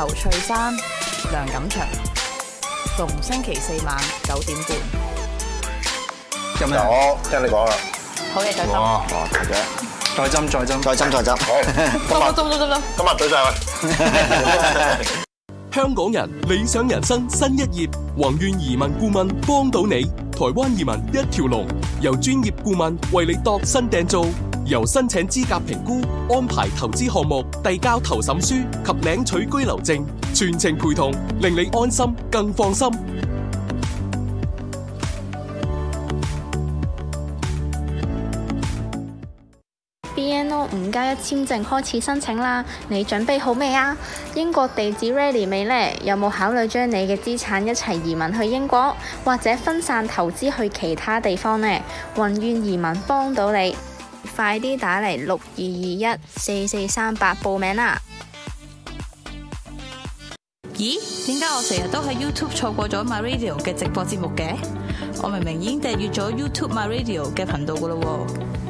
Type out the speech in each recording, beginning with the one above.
劉翠山、梁錦祥，逢星期四晚九點半。今日，我聽你講啦。好嘢，再斟。哇，得嘅，再斟，再斟，再斟，再斟。今日斟，斟，斟，斟。今日對晒啦。香港人理想人生新一頁，宏願移民顧問幫到你，台灣移民一條龍，由專業顧問為你度身訂造。由申請資格評估、安排投資項目、遞交投審書及領取居留證，全程陪同，令你安心更放心。BNO 五加一簽證開始申請啦，你準備好未啊？英國地址 ready 未呢？有冇考慮將你嘅資產一齊移民去英國，或者分散投資去其他地方呢？宏遠移民幫到你。快啲打嚟六二二一四四三八報名啦！咦，點解我成日都喺 YouTube 錯過咗 My Radio 嘅直播節目嘅？我明明已經訂閱咗 YouTube My Radio 嘅頻道㗎喇喎。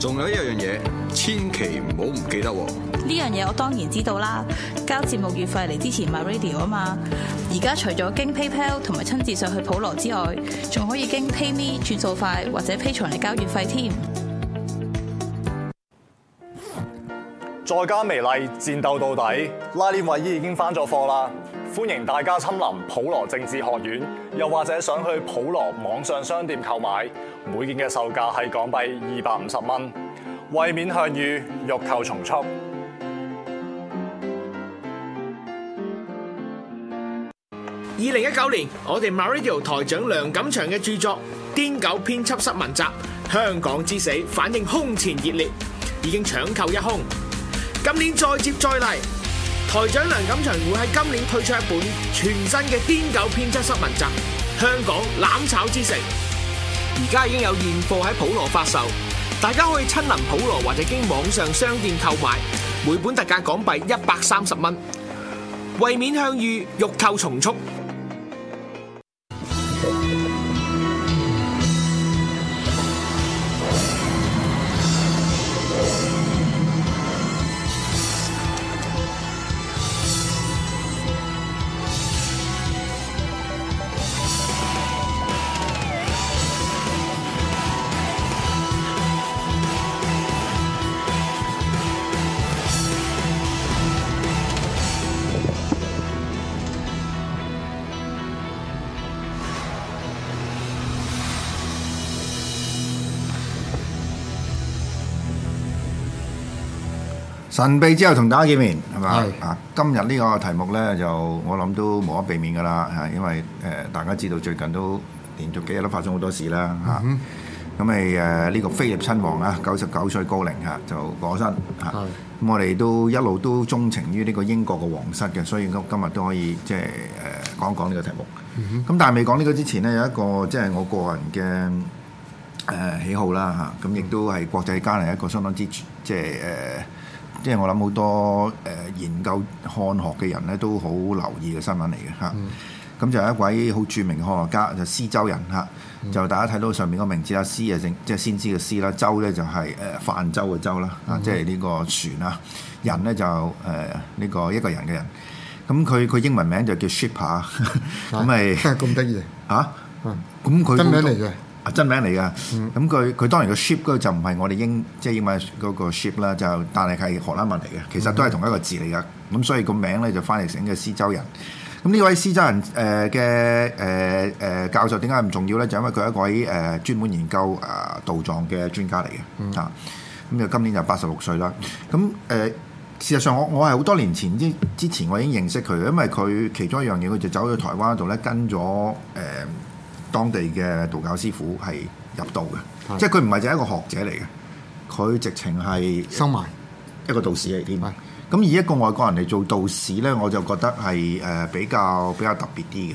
仲有一樣嘢，千祈唔好唔記得喎！呢樣嘢我當然知道啦，交節目月費嚟之前 m radio 啊嘛！而家除咗經 PayPal 同埋親自上去普羅之外，仲可以經 PayMe 轉數快或者 Pay 財嚟交月費添。再加微麗，戰鬥到底！拉鏈衞衣已經翻咗貨啦，歡迎大家親臨普羅政治學院，又或者想去普羅網上商店購買。每件嘅售價係港幣二百五十蚊，為免向隅，欲購從速。二零一九年，我哋 MyRadio 台長梁錦祥嘅著作《癲狗編輯室文集》香港之死反應空前熱烈，已經搶購一空。今年再接再厲，台長梁錦祥會喺今年推出一本全新嘅《癲狗編輯室文集》——香港攬炒之城。而家已經有現貨喺普羅發售，大家可以親臨普羅或者經網上商店購買，每本特價港幣一百三十蚊，為免向隅，欲購從速。神秘之夜同大家見面，係嘛？啊，今日呢個題目咧，就我諗都冇得避免噶啦，係因為誒大家知道最近都連續幾日都發生好多事啦，嚇。咁咪誒呢個菲臘親王啊，九十九歲高齡嚇就過身嚇。咁我哋都一路都鍾情於呢個英國嘅皇室嘅，所以今今日都可以即係誒講講呢個題目。咁但係未講呢個之前咧，有一個即係我個人嘅誒喜好啦嚇。咁亦都係國際間係一個相當之即係誒。即係我諗好多誒研究漢學嘅人咧，都好留意嘅新聞嚟嘅嚇。咁、嗯、就係一位好著名嘅漢學家，就施、是、州人嚇。嗯、就大家睇到上面個名字啊，施啊姓，即係先知嘅施啦。州咧就係誒泛舟嘅舟啦，啊即係呢個船啦。人咧就誒呢、呃呢個一個人嘅人。咁佢佢英文名就叫 Shipper, 就是、s h i p p 咁係咁得意啊，咁佢真名嚟嘅？真名嚟噶，咁佢佢當然個 ship 嗰個就唔係我哋英即係、就是、英文嗰個 ship 啦，就但係係荷蘭文嚟嘅，其實都係同一個字嚟噶，咁所以個名咧就翻譯成嘅施舟人。咁呢位施舟人誒嘅誒誒教授點解唔重要咧？就因為佢係一位誒、呃、專門研究誒、呃、道藏嘅專家嚟嘅、嗯、啊，咁就今年就八十六歲啦。咁誒、呃、事實上我我係好多年前之之前我已經認識佢，因為佢其中一樣嘢佢就走咗台灣度咧，跟咗誒。呃呃當地嘅道教師傅係入道嘅，的即係佢唔係淨係一個學者嚟嘅，佢直情係收埋一個道士嚟點啊？咁以的一個外國人嚟做道士咧，我就覺得係誒比較比較特別啲嘅。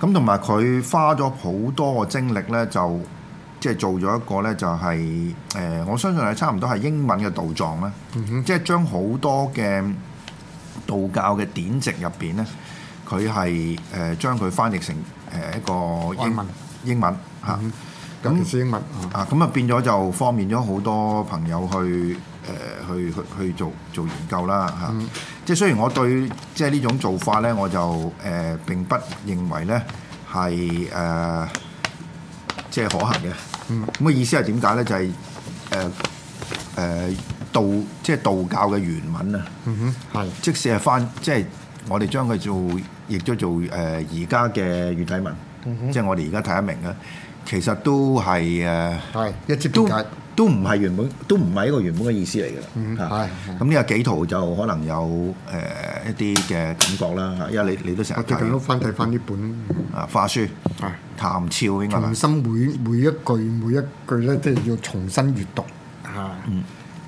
咁同埋佢花咗好多嘅精力咧，就即係做咗一個咧、就是，就係誒我相信係差唔多係英文嘅道藏啦。的即係將好多嘅道教嘅典籍入邊咧。佢係誒將佢翻譯成誒、呃、一個英文英文嚇，咁啊咁、嗯嗯、啊變咗就方便咗好多朋友去誒、呃、去去去做做研究啦嚇。啊嗯、即係雖然我對即係呢種做法咧，我就誒、呃、並不認為咧係誒即係可行嘅。咁嘅、嗯、意思係點解咧？就係誒誒道即係道教嘅原文啊。哼、嗯，係、嗯、即使係翻即係是。我哋將佢做，亦都做誒而家嘅語體文，即係我哋而家睇得明嘅，其實都係誒，係一直都都唔係原本，都唔係一個原本嘅意思嚟嘅。嚇，咁呢個幾圖就可能有誒一啲嘅感覺啦。因為你你都成日睇翻睇翻呢本啊，化書啊，譚峭應該重新每每一句每一句咧，即係要重新閱讀嚇，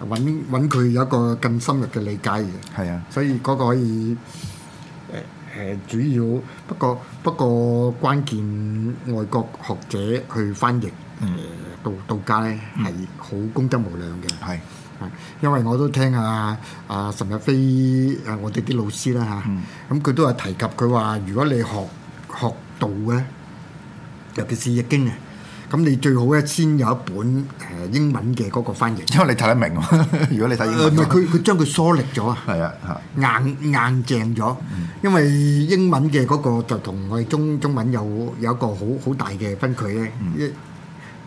揾揾佢有一個更深入嘅理解嘅。係啊，所以嗰個可以。誒主要不過不過關鍵，外國學者去翻譯誒道、嗯呃、道家咧係好功德無量嘅。係、嗯，因為我都聽阿阿岑逸飛誒，我哋啲老師啦嚇，咁、啊、佢、嗯嗯、都係提及佢話，如果你學學道咧，尤其是《易經》啊。咁你最好咧，先有一本誒英文嘅嗰個翻譯，因為你睇得明啊！ 如果你睇英文，佢佢將佢疏力咗啊，係啊，硬硬淨咗。嗯、因為英文嘅嗰個就同我哋中中文有有一個好好大嘅分區咧。嗯、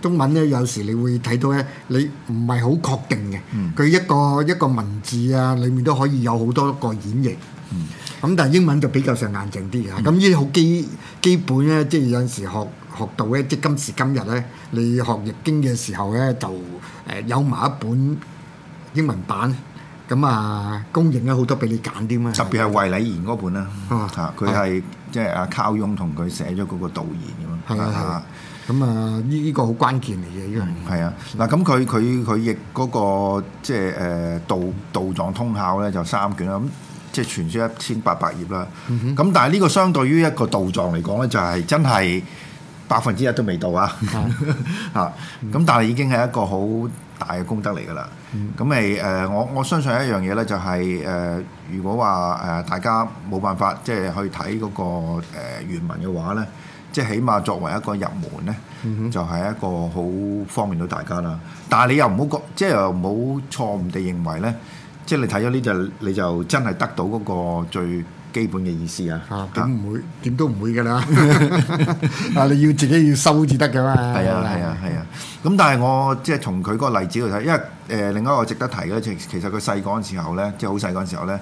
中文咧有時你會睇到咧，你唔係好確定嘅，佢、嗯、一個一個文字啊，裡面都可以有好多個演繹。咁、嗯、但係英文就比較上硬淨啲嘅，咁呢啲好基基本咧，即係有時學。學到咧，即今時今日咧，你學《易經》嘅時候咧，就誒有埋一本英文版，咁啊，供應咗好多俾你揀啲嘛。特別係衛禮賢嗰本啦，啊，佢係即阿靠庸同佢寫咗嗰個導言咁啊，咁啊，呢呢個好關鍵嚟嘅，呢樣嘢。係啊，嗱，咁佢佢佢譯嗰個即誒《道道藏通考》咧，就三卷啦，咁即傳說一千八百頁啦。咁但係呢個相對於一個道藏嚟講咧，就係真係。百分之一都未到啊、嗯！嚇，咁但係已經係一個好大嘅功德嚟㗎啦。咁咪誒，我我相信一樣嘢咧，就係、是、誒、呃，如果話誒、呃、大家冇辦法即係去睇嗰、那個、呃、原文嘅話咧，即係起碼作為一個入門咧，嗯、哼就係一個好方便到大家啦。但係你又唔好覺，即係又唔好錯誤地認為咧，即係你睇咗呢隻你就真係得到嗰個最。基本嘅意思啊，梗唔、啊、會？點、啊、都唔會噶啦！ 啊，你要自己要收至得噶嘛？係啊，係啊，係啊。咁、啊啊、但係我即係從佢嗰個例子嚟睇，因為誒、呃、另一個值得提嘅，其實佢細個嘅時候咧，即係好細個嘅時候咧，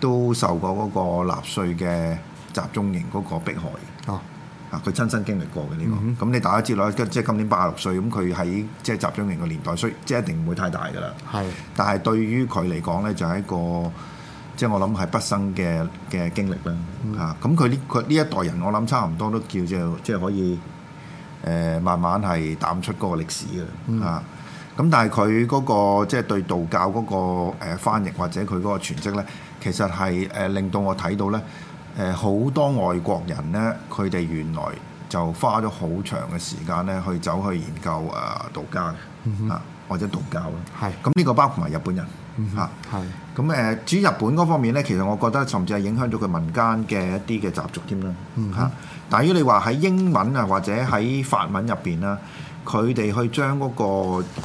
都受過嗰個納粹嘅集中營嗰個迫害。哦，佢、啊、親身經歷過嘅呢、這個。咁、嗯、哼你大家知啦，即係今年八十六歲，咁佢喺即係集中營嘅年代，所即係一定唔會太大噶啦。係了。是但係對於佢嚟講咧，就係、是、一個。即係我諗係畢生嘅嘅經歷啦，嗯、啊，咁佢呢佢呢一代人，我諗差唔多都叫做即係可以誒、呃，慢慢係淡出嗰個歷史嘅，嗯、啊，咁但係佢嗰個即係、就是、對道教嗰個誒翻譯或者佢嗰個傳譯咧，其實係誒令到我睇到咧，誒好多外國人咧，佢哋原來就花咗好長嘅時間咧，去走去研究啊道教嘅，啊。或者道教咯，係咁呢個包括埋日本人嚇，係咁誒。啊、是至於日本嗰方面咧，其實我覺得甚至係影響咗佢民間嘅一啲嘅習俗添啦嚇。但係如果你話喺英文啊或者喺法文入邊啦，佢哋去將嗰、那個、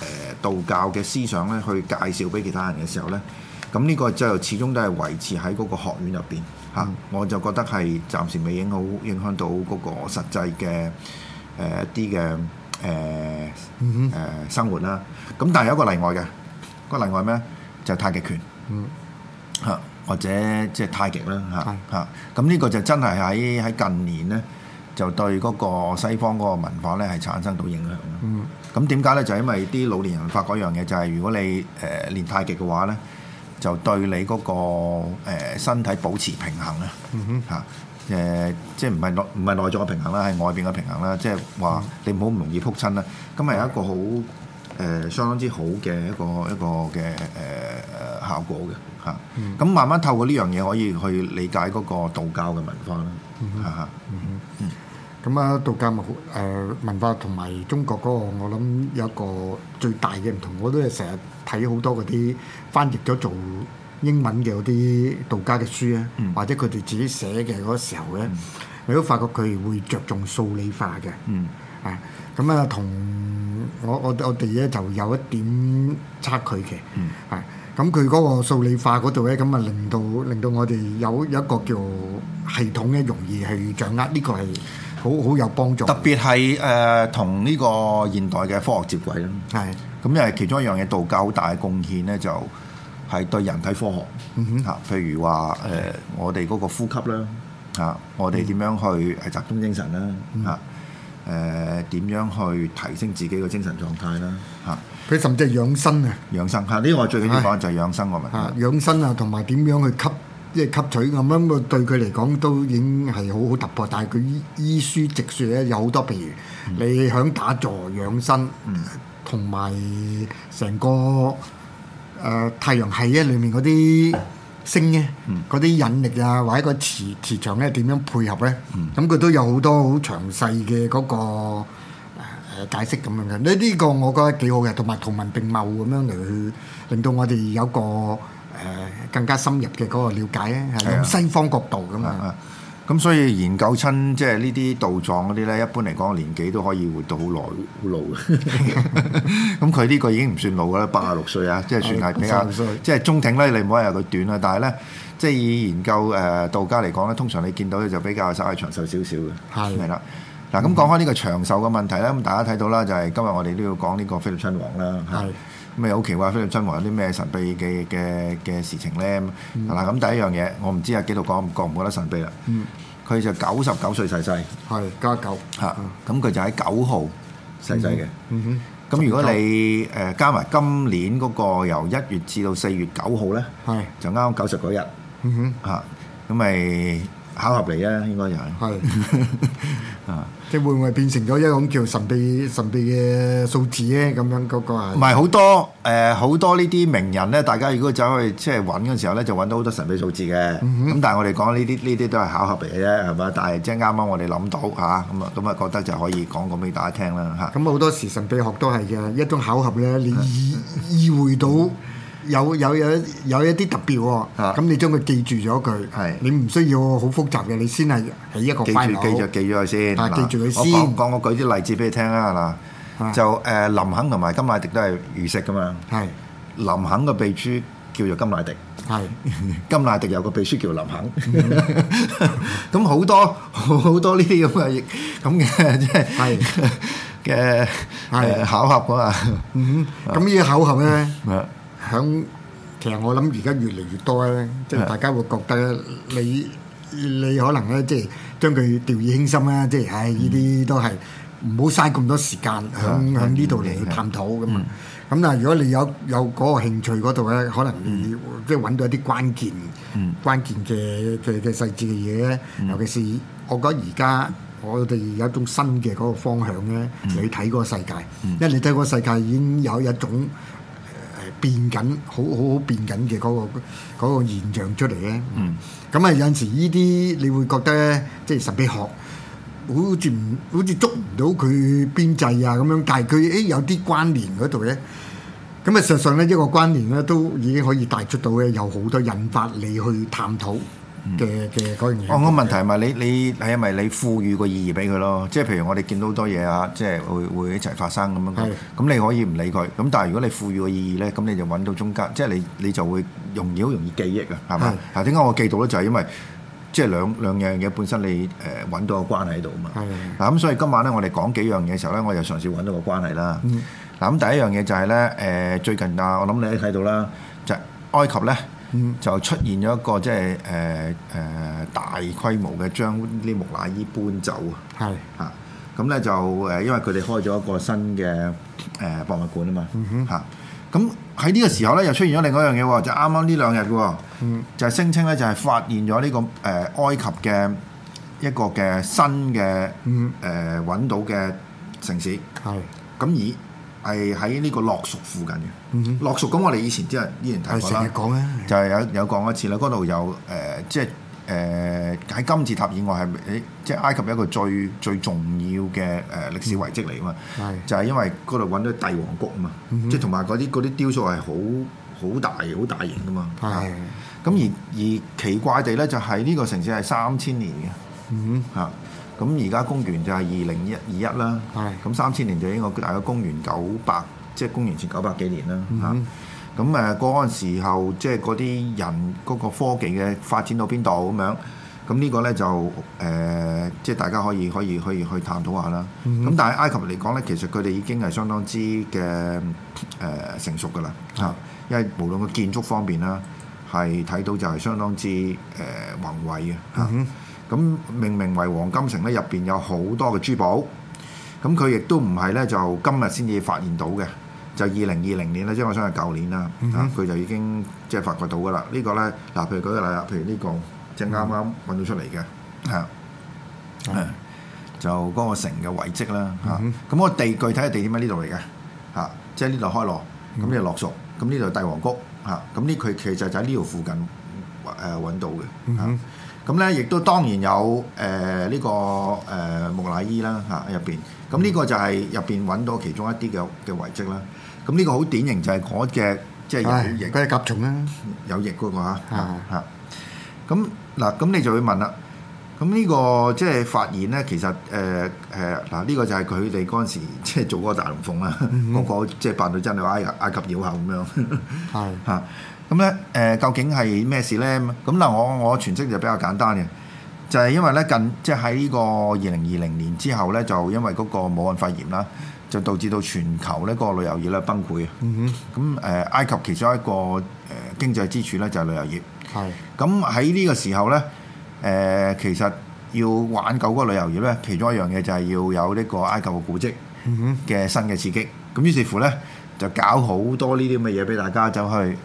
呃、道教嘅思想咧去介紹俾其他人嘅時候咧，咁呢個就始終都係維持喺嗰個學院入邊嚇。啊嗯、我就覺得係暫時未影好影響到嗰個實際嘅誒一啲嘅。誒誒、呃呃、生活啦，咁但係有一個例外嘅，個例外咩？就係、太極拳，嚇、嗯、或者即係、就係、太極啦，嚇嚇太。咁呢、啊、個就真係喺喺近年咧，就對嗰個西方嗰個文化咧係產生到影響。咁點解咧？就因為啲老年人發覺嗰樣嘢，就係如果你誒練、呃、太極嘅話咧，就對你嗰、那個、呃、身體保持平衡咧嚇。嗯嗯嗯誒、呃，即係唔係內唔係內在嘅平衡啦，係外邊嘅平衡啦，即係話你唔好唔容易仆親啦。咁係一個好誒、呃，相當之好嘅一個一個嘅誒、呃、效果嘅嚇。咁、啊、慢慢透過呢樣嘢可以去理解嗰個道教嘅文化啦。嚇咁啊，嗯嗯嗯、道教文、呃、文化同埋中國嗰、嗰個，我諗有一個最大嘅唔同，我都係成日睇好多嗰啲翻譯咗做。英文嘅嗰啲道家嘅書咧，嗯、或者佢哋自己寫嘅嗰時候咧，嗯、你都發覺佢會着重數理化嘅，係咁啊，同我我我哋咧就有一點差距嘅，係咁佢嗰個數理化嗰度咧，咁啊令到令到我哋有一個叫系統咧容易去掌握，呢、呢個係好好有幫助。特別係誒同呢個現代嘅科學接軌咯，係咁又係其中一樣嘢，道家好大嘅貢獻咧就。係對人體科學嚇，嗯、哼譬如話誒、呃，我哋嗰個呼吸啦嚇、嗯啊，我哋點樣去集中精神啦嚇，誒點、嗯啊、樣去提升自己嘅精神狀態啦嚇，佢、啊、甚至係養生啊！養生嚇，呢個我最緊要講唉就係養生個問題、啊。養生啊，同埋點樣去吸即係吸取咁樣，對佢嚟講都已經係好好突破。但係佢醫書直説咧，有好多譬如你響打坐養生，同埋成個。誒、呃、太陽系咧裏面嗰啲星咧，嗰啲、嗯、引力啊，或者個磁磁場咧點樣配合咧？咁佢、嗯、都有好多好詳細嘅嗰個解釋咁樣嘅。呢、這、呢個我覺得幾好嘅，同埋圖文並茂咁樣嚟去令到我哋有個誒、呃、更加深入嘅嗰個瞭解啊！用、嗯、西方角度咁啊～、嗯嗯嗯。咁所以研究親即係呢啲道藏嗰啲咧，一般嚟講年紀都可以活到好耐，好老嘅。咁佢呢個已經唔算老啦，八十六歲啊，即係算係比較、哎、即係中挺咧。你唔好話有佢短啦，但係咧即係以研究誒道家嚟講咧，通常你見到咧就比較稍微長壽少少嘅。係的，係啦的。嗱咁講開呢個長壽嘅問題咧，咁大家睇到啦，就係、是、今日我哋都要講呢個菲臘親王啦。係。咁咪好奇怪？菲臘有啲咩神秘嘅嘅嘅事情咧？嗱，咁第一樣嘢，我唔知阿紀陶講覺唔覺得神秘啦。嗯，佢就九十九歲逝世。係加九。嚇，咁佢就喺九號逝世嘅。嗯哼。咁如果你誒加埋今年嗰個由一月至到四月九號咧，係就啱九十嗰日。嗯哼。嚇，咁咪巧合嚟啊？應該就係。係。嚇！即會唔會變成咗一種叫神秘神秘嘅數字咧？咁樣嗰個啊？唔係好多誒，好、呃、多呢啲名人咧，大家如果走去即係揾嘅時候咧，就揾到好多神秘數字嘅。咁、嗯、哼但係我哋講呢啲呢啲都係巧合嚟嘅，啫，係嘛？但係即係啱啱我哋諗到嚇，咁啊咁啊，嗯、覺得就可以講講俾大家聽啦嚇。咁好、嗯嗯、多時神秘學都係嘅一種巧合咧，你、嗯、意意會到、嗯。有有有有一啲特別喎，咁你將佢記住咗佢，你唔需要好複雜嘅，你先係喺一個。記住記著記咗佢先。啊，記住佢先。我講我舉啲例子俾你聽啦，係嘛，就誒林肯同埋金乃迪都係魚食噶嘛。係林肯嘅秘書叫做金乃迪，係金乃迪有個秘書叫林肯。咁好多好多呢啲咁嘅咁嘅即係係嘅係巧合啊！咁呢啲巧合咧？響其實我諗而家越嚟越多咧，即係大家會覺得咧，你你可能咧，即係將佢掉以輕心啦，即係唉，呢啲都係唔好嘥咁多時間響響呢度嚟去探討咁啊。咁啊、嗯，但如果你有有嗰個興趣嗰度咧，可能你即係揾到一啲關鍵、嗯、關鍵嘅嘅嘅細節嘅嘢咧，尤其是我覺得而家我哋有一種新嘅嗰個方向咧，你睇嗰個世界，因為你睇嗰個世界已經有一種。變緊，好好好變緊嘅嗰、那個嗰、那個、現象出嚟咧。咁啊、嗯嗯，有陣時呢啲你會覺得即係神秘學，好似唔好似捉唔到佢邊際啊咁樣。但係佢誒有啲關聯嗰度嘅。咁、嗯、啊，實際上咧一個關聯咧都已經可以帶出到咧有好多引發你去探討。嘅嘅嗰樣嘢，嗯、我個問題係咪你你係咪你賦予個意義俾佢咯？即係譬如我哋見到好多嘢啊，即係會會一齊發生咁樣。咁是的 你可以唔理佢，咁但係如果你賦予個意義咧，咁你就揾到中間，即係你你就會容易好容易記憶啊，係嘛？嗱，點解我記到咧？就係、是、因為即係兩兩樣嘢本身你誒揾、呃、到個關係喺度啊嘛。嗱咁是的 所以今晚咧，我哋講幾樣嘢嘅時候咧，我又嘗試揾到個關係啦。嗱咁的、嗯、第一樣嘢就係、是、咧，誒、呃、最近啊，我諗你都睇到啦，就係、埃及咧。嗯，就出現咗一個即係誒誒大規模嘅將啲木乃伊搬走啊！係嚇，咁咧就誒，因為佢哋開咗一個新嘅誒博物館啊嘛。哼，嚇，咁喺呢個時候咧，又出現咗另外一樣嘢喎，就啱啱呢兩日嘅喎。嗯，就聲稱咧就係發現咗呢個誒埃及嘅一個嘅新嘅嗯誒揾到嘅城市。係，咁而。係喺呢個樂蜀附近嘅，樂蜀，咁我哋以前啲人依然睇過啦。就係有有講一次啦，嗰度有誒、呃，即係誒喺金字塔以外係誒，即係埃及一個最最重要嘅誒歷史遺跡嚟啊嘛。嗯、哼就係因為嗰度揾到帝王谷啊嘛，即係同埋嗰啲啲雕塑係好好大好大型噶嘛。咁而而奇怪地咧，就係呢個城市係三千年嘅。嗯啊。咁而家公元就係二零一二一啦，咁三千年就應該大概公元九百，即係公元前九百幾年啦嚇。咁誒嗰陣時候，即係嗰啲人嗰、嗰個科技嘅發展到邊度咁樣？咁呢個咧就誒、呃，即係大家可以可以可以，可以去探討下啦。咁、嗯、哼但係埃及嚟講咧，其實佢哋已經係相當之嘅誒、呃、成熟噶啦嚇，因為無論個建築方面啦，係睇到就係相當之誒、呃、宏偉嘅嚇。啊嗯咁命名為黃金城咧，入邊有好多嘅珠寶。咁佢亦都唔係咧，就今日先至發現到嘅，就二零二零年咧，即、就、係、是、我想係舊年啦。嚇、mm，佢、hmm. 啊、就已經即係、就是、發掘到㗎喇。這個、呢個咧，嗱，譬如舉、那個例啦，譬如呢、這個即係啱啱揾到出嚟嘅，嚇、mm，誒、hmm.，就嗰個城嘅遺跡啦。嚇、mm，咁、hmm. 啊那個地具，具體嘅地點喺呢度嚟嘅。嚇、啊，即係呢度開羅，咁呢度樂蜀，咁呢度帝王谷。嚇、啊，咁呢佢其實就喺呢度附近誒揾、啊啊、到嘅。嗯、mm hmm. 咁咧，亦都當然有誒呢、呃這個誒木、呃、乃伊啦嚇，入邊。咁呢、嗯、個就係入邊揾到其中一啲嘅嘅遺跡啦。咁呢個好典型就係嗰隻即係有翼嗰隻甲蟲啦，有翼嘅喎嚇。咁嗱，咁你就會問啦。咁呢個即係發現咧，其實誒誒嗱，呢、呃啊這個就係佢哋嗰陣時即係做嗰個大龍鳳啦。嗰個即係扮到真係埃及埃及妖后咁樣。係 嚇。咁咧，誒、嗯、究竟係咩事咧？咁嗱，我我全職就比較簡單嘅，就係、是、因為咧近即係喺呢個二零二零年之後咧，就因為嗰個武漢肺炎啦，就導致到全球呢個旅遊業咧崩潰。嗯哼。咁誒、嗯、埃及其中一個誒經濟支柱咧就係、是、旅遊業。係是。咁喺呢個時候咧，誒、呃、其實要挽救嗰個旅遊業咧，其中一樣嘢就係要有呢個埃及嘅古蹟嘅新嘅刺激。咁於是乎咧，就搞好多呢啲咁嘅嘢俾大家走去，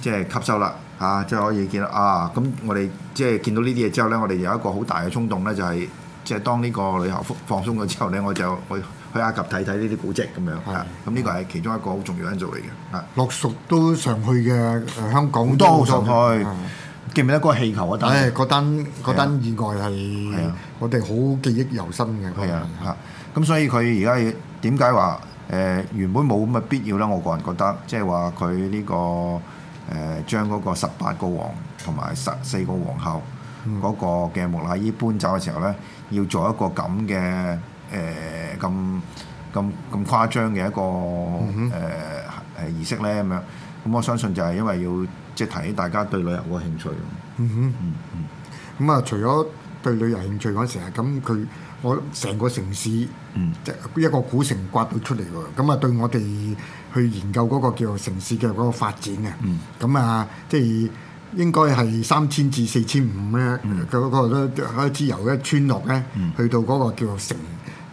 即係吸收啦嚇，即係可以見到啊！咁我哋即係見到呢啲嘢之後咧，我哋有一個好大嘅衝動咧，就係即係當呢個旅遊放鬆咗之後咧，我就去去埃及睇睇呢啲古蹟咁樣。係啊，咁呢個係其中一個好重要因素嚟嘅。啊，樂蜀都常去嘅，香港都好常去。記唔記得嗰個氣球啊？但係，嗰單嗰單意外係我哋好記憶猶新嘅。係啊，嚇！咁所以佢而家點解話？誒 原本冇咁嘅必要啦，我個人覺得，即係話佢呢個誒將嗰個十八個王同埋十四個皇后嗰個嘅木乃伊搬走嘅時候咧，要做一個咁嘅誒咁咁咁誇張嘅一個誒誒儀式咧咁樣，咁、 呃、我相信就係因為要即係提起大家對旅遊嘅興趣。 嗯哼，咁、嗯、啊， 嗯、除咗對旅遊興趣嗰陣時啊，咁佢。我成個城市，即係、嗯、一個古城刮到出嚟㗎，咁啊對我哋去研究嗰個叫做城市嘅嗰個發展啊，咁啊即係應該係三千至四千五咧，嗰、嗯嗰個都開始由一村落咧、嗯、去到嗰個叫做城，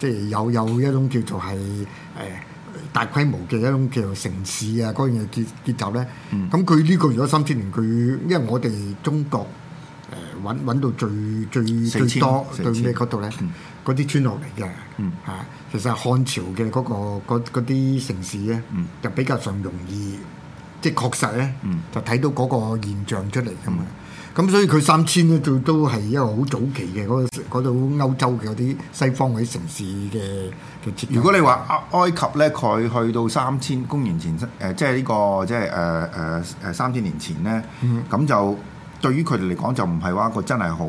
即係有有一種叫做係誒大規模嘅一種叫做城市啊嗰樣嘢節節奏咧。咁佢呢個如果三千年佢，因為我哋中國誒揾揾到最最 4, 000, 最多 4, 000, 4, 000. 對咩嗰度咧？嗰啲村落嚟嘅，嚇、嗯啊，其實漢朝嘅嗰啲城市咧，嗯、就比較上容易，即係確實咧，嗯、就睇到嗰個現象出嚟㗎嘛。咁、嗯、所以佢三千咧，最都係一個好早期嘅嗰度歐洲嘅嗰啲西方嗰啲城市嘅嘅。如果你話埃及咧，佢去到三千公元前，誒、呃，即係呢、呢個，即係誒誒誒三千年前咧，咁、嗯、就。對於佢哋嚟講就唔係話個真係好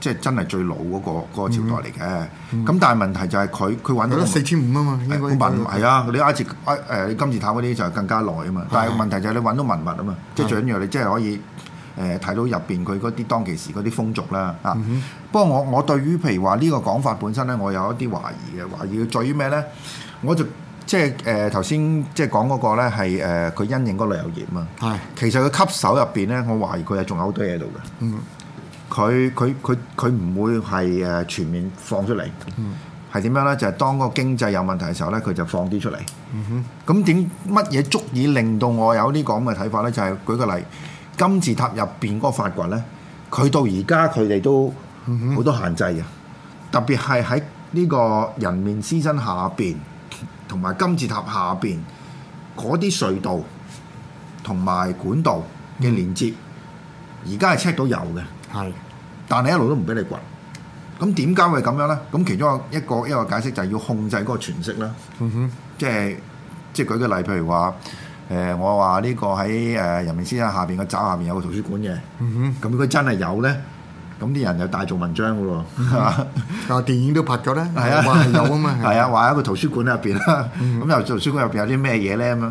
即係真係最老嗰、那個那個朝代嚟嘅，咁、嗯、但係問題就係佢佢揾到得四千五啊嘛，文物係啊，你埃及誒金字塔嗰啲就更加耐啊嘛，但係問題就係你揾到文物啊嘛，即係是的 最緊要你即係可以誒睇、呃、到入邊佢嗰啲當其時嗰啲風俗啦啊，嗯嗯、不過我我對於譬如話呢個講法本身咧，我有一啲懷疑嘅懷疑佢在於咩咧，我就。我就即係誒頭先即係講嗰個咧係誒佢因應嗰個旅遊業嘛，係唉其實佢吸手入邊咧，我懷疑佢係仲有好多嘢喺度嘅。嗯，佢佢佢佢唔會係誒全面放出嚟。嗯，係點樣咧？就係、是、當個經濟有問題嘅時候咧，佢就放啲出嚟。嗯、哼，咁點乜嘢足以令到我有呢個這呢啲咁嘅睇法咧？就係、是、舉個例，金字塔入邊嗰個發掘咧，佢到而家佢哋都好多限制嘅，特別係喺呢個人面獅身下邊。同埋金字塔下邊嗰啲隧道同埋管道嘅連接，而家係 check 到有嘅。係的，但係一路都唔俾你掘。咁點解會咁樣咧？咁其中一個一個解釋就係要控制嗰個傳息啦。嗯、哼，即係即係舉個例，譬如話誒、呃，我話呢個喺誒人民先生下邊嘅爪下面有個圖書館嘅。嗯哼，咁、嗯、哼如果真係有咧？咁啲人又大做文章嘅喎，嚇！個電影都拍咗咧，係啊，話有啊嘛，係啊，話喺個圖書館入邊啦。咁又圖書館入邊有啲咩嘢咧咁樣？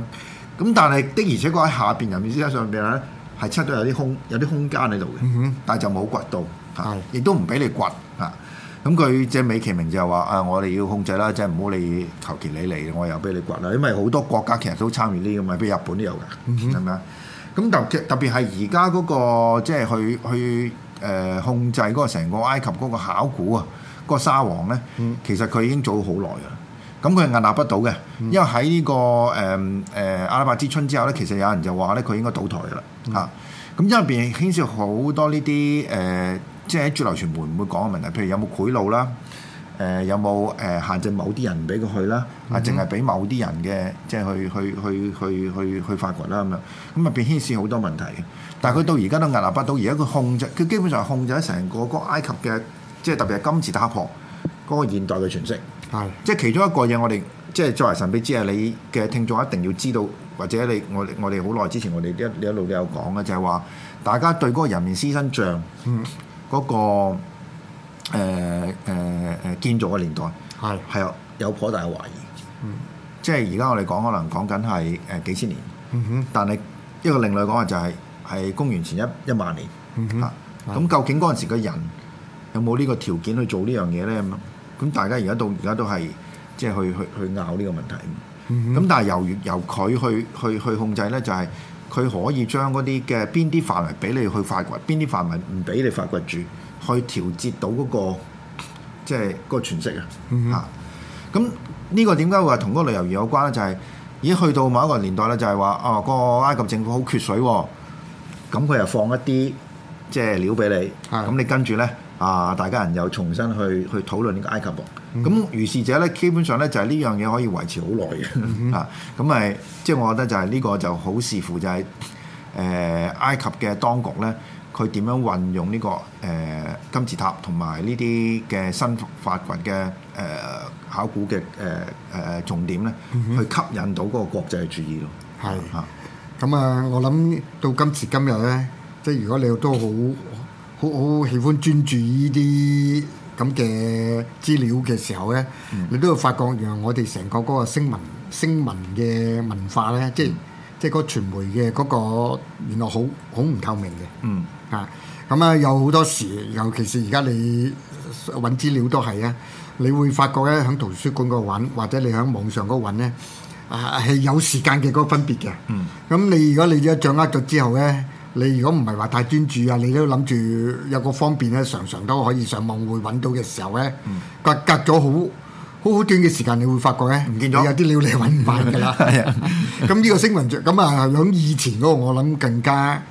咁但係的而且確喺下邊人面之上上邊咧，係出到有啲空有啲空間喺度嘅，但係就冇掘到，係亦都唔俾你掘嚇。咁佢即係美其名就係話啊，我哋要控制啦，即係唔好你求其你嚟，我又俾你掘啦，因為好多國家其實都參與呢個嘛，譬如日本都有嘅，係咪？咁特特別係而家嗰個即係去去。誒、呃、控制嗰成個，個埃及嗰個考古啊，嗰、那個沙皇咧，其實佢已經做咗好耐㗎啦。咁佢係屹立不倒嘅，因為喺呢、這個誒誒、呃呃、阿拉伯之春之後咧，其實有人就話咧佢應該倒台㗎啦。嚇、嗯，咁入邊牽涉好多呢啲誒，即係主流傳媒唔會講嘅問題，譬如有冇賄賂啦。誒有冇誒限制某啲人唔俾佢去啦？啊、嗯哼，淨係俾某啲人嘅，即係去去去去去去發掘啦咁樣。咁入邊牽涉好多問題嘅。但係佢到而家都屹立不倒。而家佢控制，佢基本上控制喺成個嗰埃及嘅，即係特別係金字塔旁嗰個現代嘅詮釋。係的。即係其中一個嘢，我哋即係作為神秘之夜，係你嘅聽眾一定要知道，或者你我我哋好耐之前，我哋一一路都有講嘅，就係話大家對嗰個人面獅身像嗰個。嗯 誒誒誒，建造嘅年代係係啊，的的有頗大懷疑。嗯、即係而家我哋講，可能講緊係誒幾千年。嗯、哼但係一個另類講話就係、係、係公元前一一萬年。咁、嗯、哼究竟嗰陣時嘅人有冇呢個條件去做呢樣嘢咧？咁，大家而家到而家都係即係去去去拗呢個問題。咁、嗯、哼但係由由佢去去去控制咧，就係、係、佢可以將嗰啲嘅邊啲範圍俾你去發掘，邊啲範圍唔俾你發掘住。去調節到嗰、那個即係嗰個詮釋、mm hmm. 啊，嚇咁呢個點解會話同嗰個旅遊業有關咧？就係、是、已經去到某一個年代咧，就係話啊，個、哦、埃及政府好缺水喎、哦，咁佢又放一啲即係料俾你，咁、mm hmm. 你跟住咧啊，大家人又重新去去討論呢個埃及博。咁如、mm hmm. 是者咧，基本上咧就係、是、呢樣嘢可以維持好耐嘅嚇。咁咪、mm hmm. 啊、即係我覺得就係呢個就好視乎就係、是、誒、呃、埃及嘅當局咧。佢點樣運用呢個誒金字塔同埋呢啲嘅新發掘嘅誒考古嘅誒誒重點咧，去吸引到嗰個國際注意咯。係，咁啊，我諗到今時今日咧，即係如果你都好好好喜歡專注呢啲咁嘅資料嘅時候咧，你都會發覺原來我哋成個嗰個新聞新聞嘅文化咧，即係即係個傳媒嘅嗰個原來好好唔透明嘅。嗯。啊，咁啊有好多時，尤其是而家你揾資料都係啊，你會發覺咧喺圖書館嗰度揾，或者你喺網上嗰度揾咧，係、啊、有時間嘅嗰個分別嘅。咁你、嗯、如果你掌握咗之後咧，你如果唔係話太專注啊，你都諗住有個方便咧，常常都可以上網會揾到嘅時候咧，嗯、隔隔咗好好好短嘅時間，你會發覺咧，唔見咗了有啲料你揾唔返㗎啦。咁呢 個星雲著，咁啊喺以前嗰個我諗更加。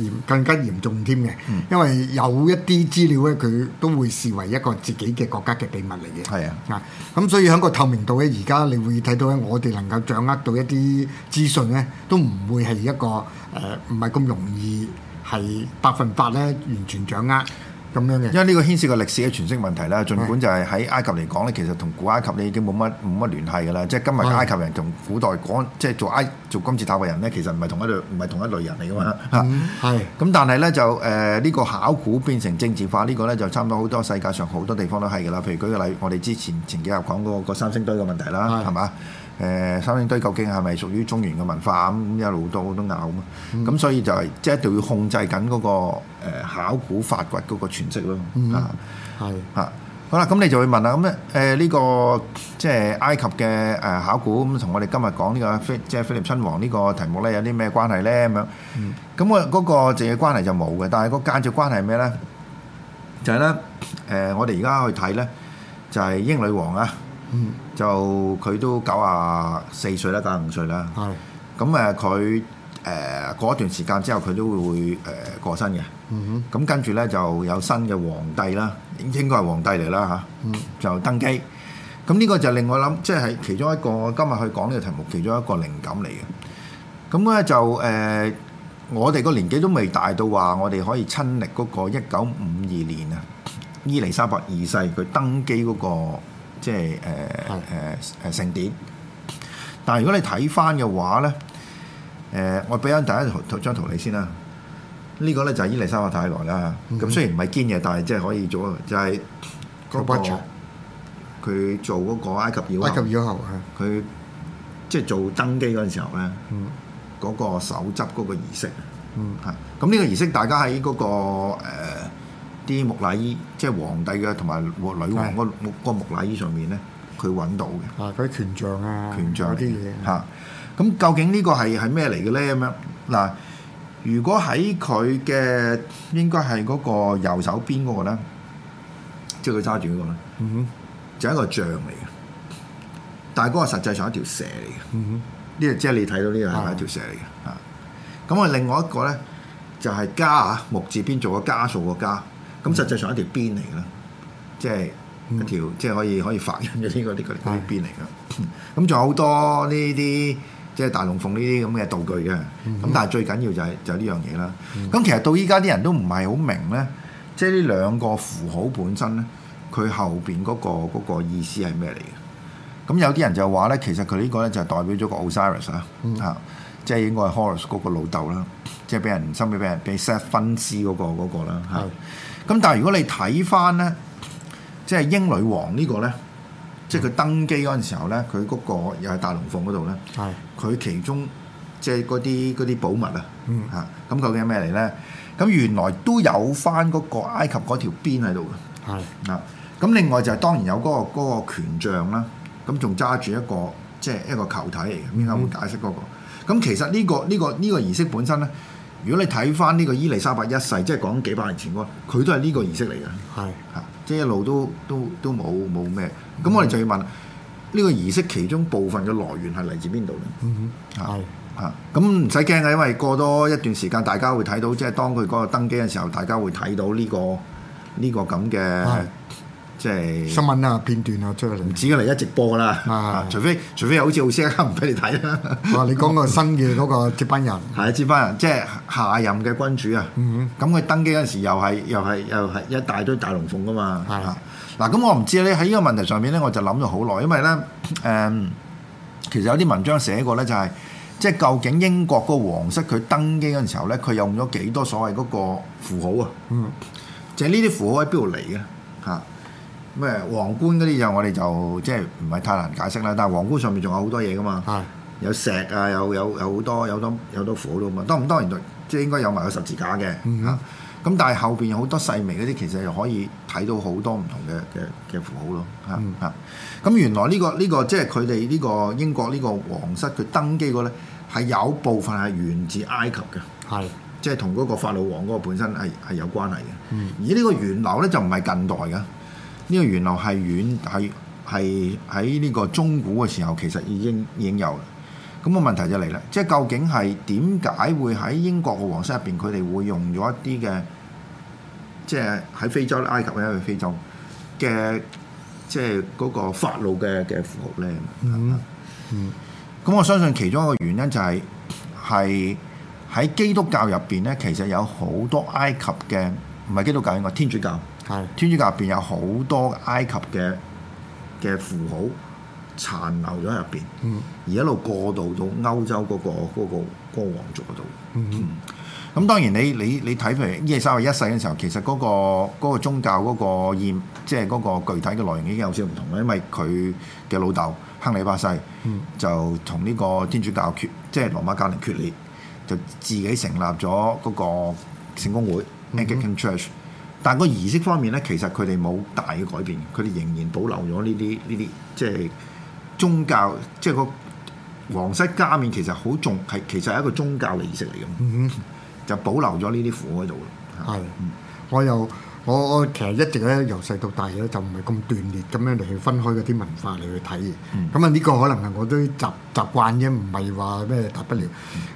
嚴更加嚴重添嘅，因為有一啲資料咧，佢都會視為一個自己嘅國家嘅秘密嚟嘅。係是的 啊，咁所以喺個透明度咧，而家你會睇到咧，我哋能夠掌握到一啲資訊咧，都唔會係一個誒，唔係咁容易係百分百咧完全掌握。因為呢個牽涉個歷史嘅詮釋問題啦，儘管就係喺埃及嚟講呢，其實同古埃及咧已經冇乜冇乜聯繫噶啦，即係今日埃及人同古代講的即係做埃做金字塔嘅人呢，其實唔係同一類唔係同一類人嚟噶嘛嚇。係咁，但係呢，就誒呢、呃呢個考古變成政治化呢、呢個呢，就差唔多好多世界上好多地方都係噶啦。譬如舉個例，我哋之前前幾日講嗰個三星堆嘅問題啦，係嘛的？誒三星堆究竟係咪屬於中原嘅文化咁？一路都好多拗咁，咁所以就係即係一定要控制緊嗰個誒考古發掘嗰個詮釋咯。啊，係啊，好啦，咁你就會問啦，咁咧誒呢個即係埃及嘅誒考古咁，同我哋今日講呢個即係菲臘親王呢個題目咧，有啲咩關係咧？咁樣，咁我嗰個直接關係就冇嘅，但係個間接關係係咩咧？就係咧，誒我哋而家去睇咧，就係英女王啊。就佢都九啊四歲啦，九十五歲啦。咁誒的，佢誒過一段時間之後，佢都會誒、呃、過身嘅。咁、嗯、哼跟住呢，就有新嘅皇帝啦，應該係皇帝嚟啦嚇。嗯、就登基。咁呢個就令我諗，即、就、係、是、其中一個我今日去講呢個題目，其中一個靈感嚟嘅。咁呢，就、呃、誒，我哋個年紀都未大到話，我哋可以親歷嗰個一九五二年啊，伊麗莎白二世佢登基嗰、那個。即係誒誒誒聖典，但係如果你睇翻嘅話咧，誒、呃、我俾返第一張圖張圖你先啦。這個、呢個咧就係、是、伊利沙伯太女啦。咁、嗯、雖然唔係堅嘢，但係即係可以做。就係、是、嗰、那個佢、嗯、做嗰個埃及妖后，埃及妖后佢即係做登基嗰陣時候咧，嗰、嗯、個手執嗰個儀式。嗯，咁呢、嗯、個儀式，大家喺嗰、那個、呃啲木乃伊即係皇帝嘅同埋女王嗰個嗰個木乃伊上面咧，佢揾到嘅。啊！嗰啲權杖啊，嗰啲嘢嚇。咁究竟呢個係係咩嚟嘅咧？咁樣嗱，如果喺佢嘅應該係嗰個右手邊嗰個咧，即係佢揸住嗰個咧，嗯哼，就一個杖嚟嘅。但係嗰個實際上一條蛇嚟嘅。呢、嗯、哼個即係你睇到呢個係一條蛇嚟嘅。啊，咁、嗯、啊、嗯，另外一個咧就係、是、加啊，木字邊做個加數個加。咁、嗯、實際上一條辮嚟嘅啦，即、就、係、是、一條、嗯、即係可以可以發音嘅呢個呢、這個呢條辮嚟嘅。咁、這、仲、個、 有好多呢啲即係大龍鳳呢啲咁嘅道具嘅。咁、嗯、但係最緊要就係、是、就呢樣嘢啦。咁、嗯嗯、其實到依家啲人都唔係好明咧，即係呢兩個符號本身咧，佢後邊嗰、那個那個意思係咩嚟嘅？咁有啲人就話咧，其實佢呢個咧就係、是、代表咗個 Osiris 啦、嗯，啊，即係應該係 Horus 嗰個老豆啦，即係俾人收尾俾人俾 Set 分屍嗰、那個嗰、那個啦，嚇。咁但係如果你睇翻咧，即係英女王個呢個咧，嗯、即係佢登基嗰陣時候咧，佢嗰、嗰個又係大龍鳳嗰度咧，佢是的 其中即係嗰啲啲寶物、嗯、啊嚇，咁究竟係咩嚟咧？咁原來都有翻嗰個埃及嗰條鞭喺度嘅，是的 啊！咁另外就係當然有嗰、嗰個嗰、嗰個、權杖啦，咁仲揸住一個即係一個球體嚟嘅，邊解釋嗰、嗰個？咁、嗯、其實呢、呢個呢個呢個儀式本身咧。如果你睇翻呢個伊利沙伯一世，即係講幾百年前喎，佢都係呢個儀式嚟嘅，係是的，嚇，即係一路都都都冇冇咩，咁我哋就要問呢、嗯、個儀式其中部分嘅來源係嚟自邊度咧？嗯哼，係、啊，嚇，咁唔使驚嘅，因為過多一段時間，大家會睇到，即係當佢嗰個登基嘅時候，大家會睇到呢、呢個呢、呢個咁嘅。即係新聞啊，片段啊，出嚟唔止嘅嚟，一直播噶啦、啊啊。除非除非好似奧斯卡唔俾你睇啦、啊。你講個新嘅嗰個接班人，係 接班人，即係下任嘅君主啊。咁佢、嗯、哼登基嗰陣時又，又係又係又係一大堆大龍鳳噶嘛。嗱咁的、啊、我唔知咧喺呢個問題上面咧，我就諗咗好耐，因為咧誒、嗯，其實有啲文章寫過咧、就係，就係即係究竟英國個皇室佢登基嗰陣時候咧，佢用咗幾多所謂嗰個符號啊？嗯。即係呢啲符號喺邊度嚟嘅？嚇！咩王冠嗰啲就我哋就即係唔係太難解釋啦，但係王冠上面仲有好多嘢噶嘛，是有石啊，有有有好多有多有多符號咁啊，當唔當然即係應該有埋個十字架嘅嚇。咁、嗯啊、但係後邊有好多細微嗰啲，其實又可以睇到好多唔同嘅嘅嘅符號咯嚇嚇。咁、嗯啊、原來呢、呢個呢、呢個即係佢哋呢個英國呢個皇室佢登基嗰咧係有部分係源自埃及嘅，是即係同嗰個法老王嗰個本身係係有關係嘅。嗯、而呢個源流咧就唔係近代嘅。呢個源流係遠係係喺呢個中古嘅時候，其實已經已經有啦。咁、那個問題就嚟啦，即係究竟係點解會喺英國嘅皇室入邊，佢哋會用咗一啲嘅，即係喺非洲埃及或者喺非洲嘅即係嗰個法老嘅嘅符號咧。咁、嗯嗯、我相信其中一個原因就係係喺基督教入邊咧，其實有好多埃及嘅唔係基督教，應該天主教。天主教入邊有好多埃及嘅嘅符號殘留咗入邊，嗯、而一路過渡到歐洲嗰、嗰個嗰、嗰個、王族嗰度。咁、嗯嗯、當然你你你睇譬如伊利沙伯一世嘅時候，其實嗰、嗰個嗰個宗教嗰個意，即係嗰個具體嘅內容已經有少少唔同啦，因為佢嘅老豆亨利八世、嗯、就同呢個天主教決，即、就、係、是、羅馬教廷決裂，就自己成立咗嗰個聖公會、嗯嗯。但個儀式方面咧，其實佢哋冇大嘅改變，佢哋仍然保留咗呢啲呢啲，即係、就是、宗教，即、就、係、是、個皇室加冕其，其實好重，係其實係一個宗教嘅儀式嚟嘅，嗯、就保留咗呢啲符喺度咯。係，我又。我我其實一直咧由細到大咧就唔係咁斷裂咁樣嚟去分開嗰啲文化嚟去睇嘅，咁啊呢個可能係我都習習慣嘅，唔係話咩大不了。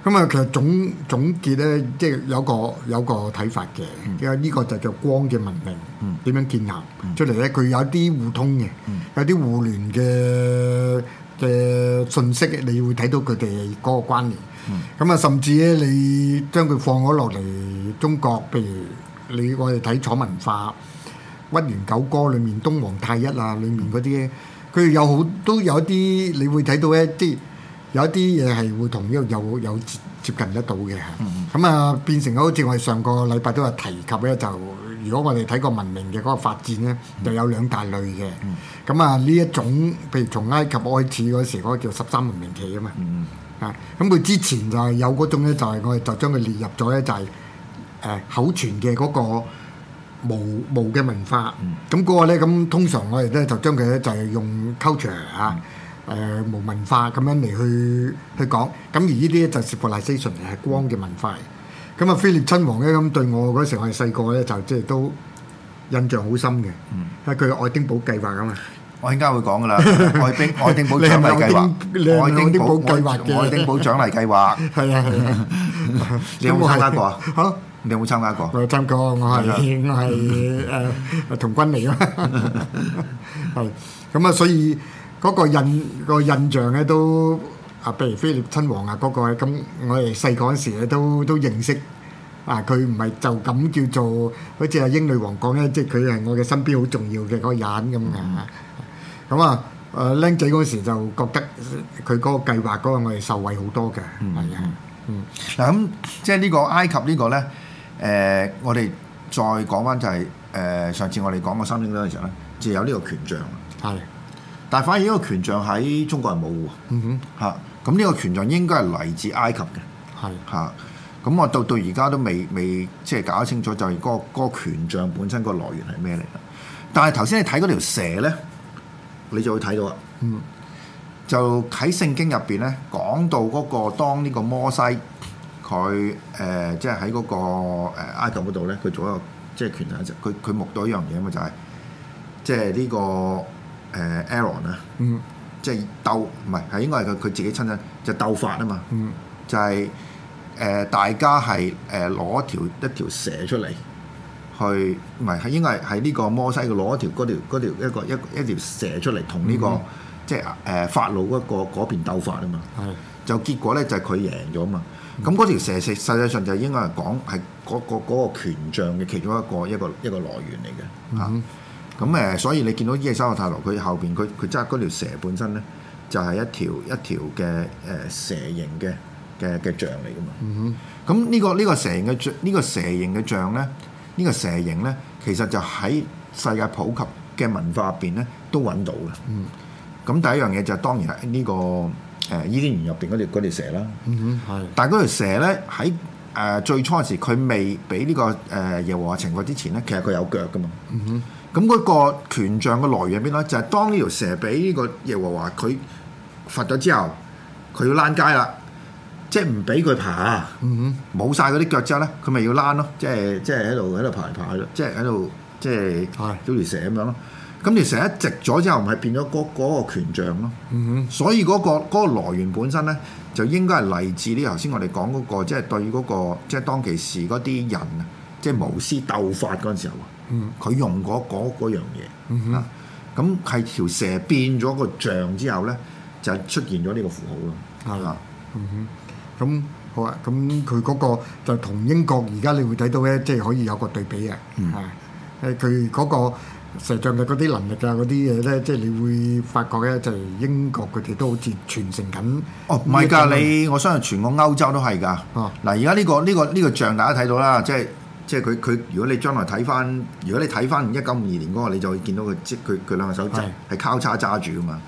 咁啊、嗯、其實總總結咧，即係有個有個睇法嘅，嗯、因為呢個就叫光嘅文明點、嗯、樣建立出呢，出嚟咧，佢有啲互通嘅，嗯、有啲互聯嘅嘅信息，你會睇到佢哋嗰個關聯。咁啊、嗯嗯、甚至咧，你將佢放咗落嚟中國，譬如。你我哋睇楚文化、屈原九歌裏面東皇太一啊，裏面嗰啲，佢有好都有一啲，你會睇到咧，即係有一啲嘢係會同呢個有有接近得到嘅。咁啊，嗯、變成好似我哋上個禮拜都有提及咧，就如果我哋睇過文明嘅嗰個發展咧，嗯、就有兩大類嘅。咁、嗯、啊，呢一種譬如從埃及開始嗰時嗰、嗰個叫十三文明期啊嘛。啊、嗯，咁佢、嗯嗯、之前就係有嗰種咧，就係、係、我哋就將佢列入咗就咧、係。誒口傳嘅嗰個無無嘅文化，咁嗰個咧，咁通常我哋咧就將佢咧就係用 culture 啊，誒無文化咁樣嚟去去講，咁而呢啲就 supplied，係 civilization，係光嘅文化嚟。咁啊菲臘親王咧咁對我嗰時我哋細個咧就即係都印象好深嘅，係佢愛丁堡計劃咁啊，我依家會講噶啦，愛丁愛丁堡獎勵計劃，愛丁堡計劃嘅愛丁堡獎勵計劃，係啊，你有冇參加過啊？你有冇參,參加過？我參加，我係我係誒同軍嚟咯。係咁啊，所以嗰個印、嗰個印象咧，都啊，譬如菲臘親王啊，嗰、嗰個咁，我哋細個嗰時咧都都認識啊。佢唔係就咁叫做，好似阿英女王講咧，即係佢係我嘅身邊好重要嘅個人咁嘅。咁啊、嗯，誒僆仔嗰時就覺得佢嗰個計劃嗰個我哋受惠好多嘅，係啊，嗯。嗱咁即係呢個埃及呢個咧。誒、呃，我哋再講翻就係、是、誒、呃、上次我哋講個三點鐘嘅時候咧，就是、有呢個權杖。係的，但係反而呢個權杖喺中國係冇喎。嗯、哼，嚇，咁呢個權杖應該係嚟自埃及嘅。係的，嚇，咁我到到而家都未未即係搞清楚就、那個，就係個個權杖本身個來源係咩嚟？但係頭先你睇嗰條蛇咧，你就會睇到啦。嗯，就喺聖經入邊咧講到嗰、那個當呢個摩西。佢誒、呃、即係喺嗰個、呃、埃及嗰度咧，佢做一個即係權限，就佢佢目睹一樣嘢啊嘛，就、呃、係、嗯、即係呢個誒 Aaron 啊，即係鬥唔係係應該係佢佢自己親身，就是、鬥法啊嘛，嗯、就係、是、誒、呃、大家係誒攞條一條蛇出嚟去唔係係應該係喺呢個摩西佢攞條嗰條嗰條一個一一條蛇出嚟同呢個。嗯即係誒、呃、法老嗰、那個嗰邊鬥法啊嘛，是的 就結果咧就係、是、佢贏咗嘛。咁嗰、嗯、條蛇蛇實際上就應該係講係嗰、那個嗰、那個、權杖嘅其中一個一個一個來源嚟嘅嚇。咁誒，所以你見到伊西沙嘅塔羅，佢後邊佢佢揸嗰條蛇本身咧，就係、是、一條一條嘅誒、呃、蛇形嘅嘅嘅象嚟嘅嘛。咁呢、嗯嗯這個呢、這個蛇形嘅象，呢、這個蛇形嘅象咧，呢、這個蛇形咧，其實就喺世界普及嘅文化入邊咧都揾到嘅。嗯咁第一樣嘢就係當然係、這、呢個誒伊甸園入邊嗰條嗰條蛇啦。嗯、哼，係是。但係嗰條蛇咧喺誒最初時，佢未俾呢、這個誒、呃、耶和華懲罰之前咧，其實佢有腳噶嘛。嗯、哼。咁嗰個權杖嘅來源係邊咧？就係、是、當呢條蛇俾呢個耶和華佢罰咗之後，佢要躝街啦，即係唔俾佢爬。嗯、哼。冇晒嗰啲腳之後咧，佢咪要躝咯，即係即係喺度喺度爬爬咯，即係喺度即係好似蛇咁樣咯。咁條蛇一直咗之後，咪變咗嗰嗰個權杖咯。嗯、哼所以嗰、那個嗰、那個、來源本身咧，就應該係嚟自呢頭先我哋講嗰個，即、就、係、是、對嗰、那個即係、就是、當其時嗰啲人啊，即係巫師鬥法嗰陣時候啊，佢、嗯、用嗰、那個、樣嘢啊，咁係、嗯、哼條蛇變咗個杖之後咧，就出現咗呢個符號咯。係啦，咁、嗯、好啊，咁佢嗰個就同英國而家你會睇到咧，即、就、係、是、可以有個對比、嗯、啊。誒佢嗰石像嘅嗰啲能力啊，嗰啲嘢咧，即係你會發覺咧，就英國佢哋都好似傳承緊。哦，唔係㗎，你我相信全個歐洲都係㗎。嗱、啊，而家呢個呢、呢個呢、呢個像大家睇到啦，即係即係佢佢。如果你將來睇翻，如果你睇翻一九五二年嗰個，你就會見到佢即佢佢兩個手指係交叉揸住㗎嘛。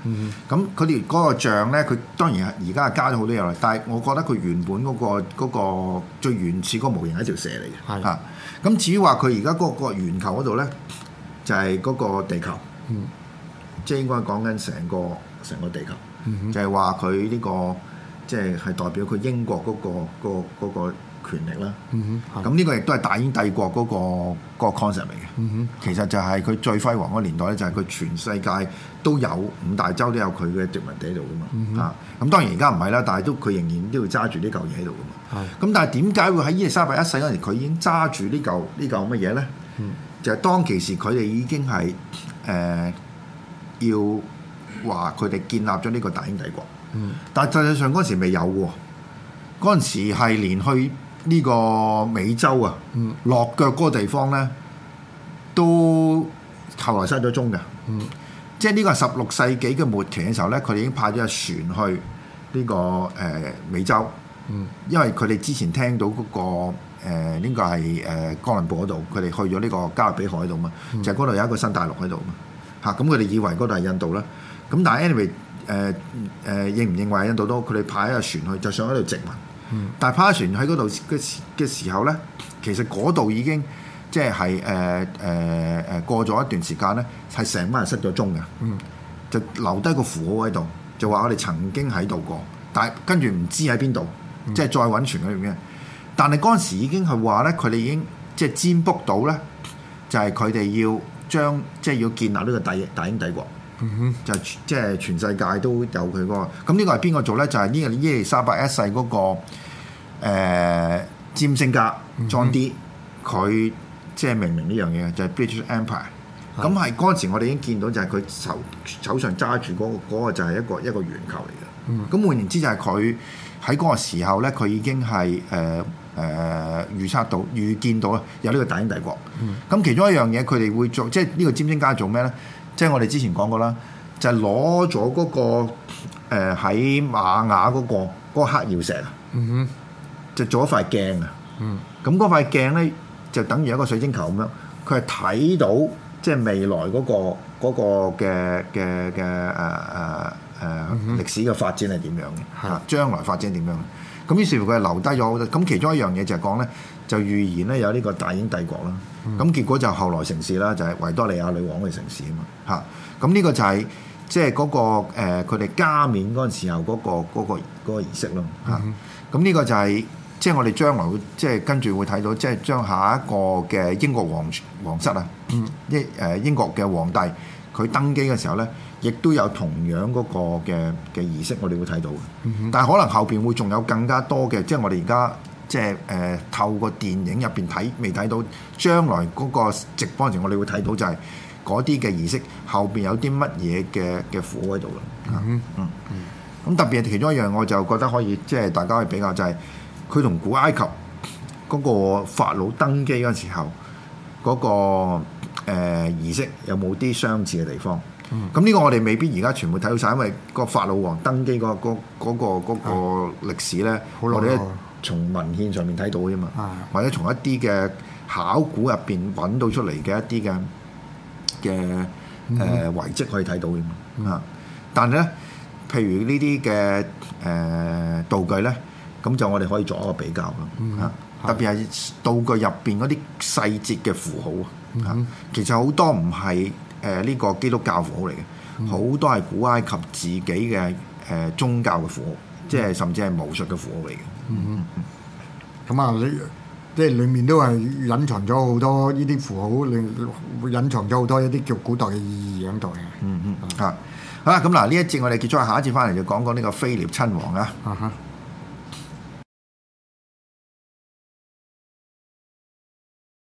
咁佢哋嗰個像咧，佢當然係而家係加咗好多油啦，但係我覺得佢原本嗰、嗰個嗰、嗰個最原始個模型係條蛇嚟嘅。係咁的、啊、至於話佢而家嗰個圓球嗰度咧。就係嗰個地球，即係應該講緊成個成個地球，就係話佢呢個即係係代表佢英國嗰、嗰個、嗰個嗰、嗰個、權力啦，咁呢、嗯嗯、個亦都係大英帝國嗰、嗰個、嗰個 concept 嚟嘅，嗯嗯、其實就係佢最輝煌嗰年代咧，就係佢全世界都有五大洲都有佢嘅殖民地喺度噶嘛，嗯嗯嗯、啊，咁當然而家唔係啦，但係都佢仍然都要揸住呢嚿嘢喺度噶嘛，咁、嗯、但係點解會喺伊麗莎白一世嗰陣時佢已經揸住呢嚿呢嚿乜嘢咧？嗯就係當其時，佢哋已經係誒、呃、要話佢哋建立咗呢個大英帝國。嗯，但係實際上嗰陣時未有喎。嗰陣時係連去呢個美洲啊，嗯、落腳嗰個地方咧，都後來失咗蹤嘅。嗯，即係呢個十六世紀嘅末期嘅時候咧，佢哋已經派咗隻船去呢、這個誒、呃、美洲。嗯，因為佢哋之前聽到嗰、那個。誒呢、呃這個係誒哥倫布嗰度，佢、呃、哋去咗呢個加勒比海度嘛，嗯、就係嗰度有一個新大陸喺度嘛，嚇咁佢哋以為嗰度係印度啦。咁但係 Anyway 誒、呃、誒、呃、認唔認為印度都，佢哋派一艘船去，就想喺度殖民。嗯、但係派咗船喺嗰度嘅時嘅時候咧，其實嗰度已經即係誒誒誒過咗一段時間咧，係成班人失咗蹤嘅，嗯、就留低個符號喺度，就話我哋曾經喺度過，但係跟住唔知喺邊度，即係再揾船嗰樣嘢。但係嗰陣時已經係話咧，佢哋已經即係占卜到咧，就係佢哋要將即係要建立呢個大英大英帝國，mm hmm. 就即係全、就是、全世界都有佢嗰個、就是這個。咁呢、那個係邊個做咧？就係呢個伊利沙伯一世嗰個誒占星家 John Dee，佢即係明明呢樣嘢，就係、是、British Empire、mm。咁係嗰陣時，我哋已經見到就係佢手手上揸住嗰個就係一個一個圓球嚟嘅。咁、mm hmm. 換言之，就係佢喺嗰個時候咧，佢已經係誒。呃呃誒、呃、預測到預見到啊，有呢個大英帝國。咁、嗯、其中一樣嘢，佢哋會做，即係呢個占星家做咩咧？即係我哋之前講過啦，就係攞咗嗰個喺瑪、呃、雅嗰、嗰個嗰、嗰個黑曜石，嗯、哼就做一塊鏡啊。咁嗰、嗯、塊鏡咧，就等於一個水晶球咁樣，佢係睇到即係未來嗰、嗰個嗰、嗰個嘅嘅嘅誒誒誒歷史嘅發展係點樣嘅，係啦、嗯哼啊，將來發展點樣。咁於是乎佢係留低咗好多，咁其中一樣嘢就係講咧，就預言咧有呢個大英帝國啦。咁結果就後來成事啦，就係、是、維多利亞女王嘅城市啊嘛嚇。咁呢個就係即係嗰個佢哋、呃、加冕嗰陣時候嗰、嗰個嗰、嗰個嗰個儀式咯嚇。咁、啊、呢個就係即係我哋將來、就是、會即係跟住會睇到即係、就是、將下一個嘅英國皇王室啊、嗯嗯，英誒英國嘅皇帝。佢登基嘅時候呢，亦都有同樣嗰個嘅嘅儀式，我，我哋會睇到。但係可能後邊會仲有更加多嘅，即、就、係、是、我哋而家即係誒透過電影入邊睇，未睇到將來嗰個直播嗰陣，我哋會睇到就係嗰啲嘅儀式後邊有啲乜嘢嘅嘅符號喺度啦。咁、嗯嗯、特別係其中一樣，我就覺得可以即係、就是、大家可以比較就係佢同古埃及嗰個法老登基嗰時候嗰、那個。誒、呃、儀式有冇啲相似嘅地方？咁呢個我哋未必而家全部睇到晒，因為個法老王登基嗰、嗰個嗰嗰、嗰個嗰個、歷史咧，我哋咧從文獻上面睇到嘅嘛，的或者從一啲嘅考古入邊揾到出嚟嘅一啲嘅嘅誒遺跡可以睇到嘅嘛、嗯嗯。但係咧，譬如呢啲嘅誒道具咧，咁就我哋可以作一個比較嘅。啊，特別係道具入邊嗰啲細節嘅符號嗯、其實好多唔係誒呢個基督教符號嚟嘅，好、嗯、多係古埃及自己嘅誒宗教嘅符號，嗯、即係甚至係巫術嘅符號嚟嘅。嗯，咁啊，你即係裡面都係隱藏咗好多呢啲符號，你隱藏咗好多一啲叫古代嘅意義喺度嘅。嗯嗯，嚇，好啦，咁嗱，呢一節我哋結束，下一次翻嚟就講講呢個菲臘親王啦。啊。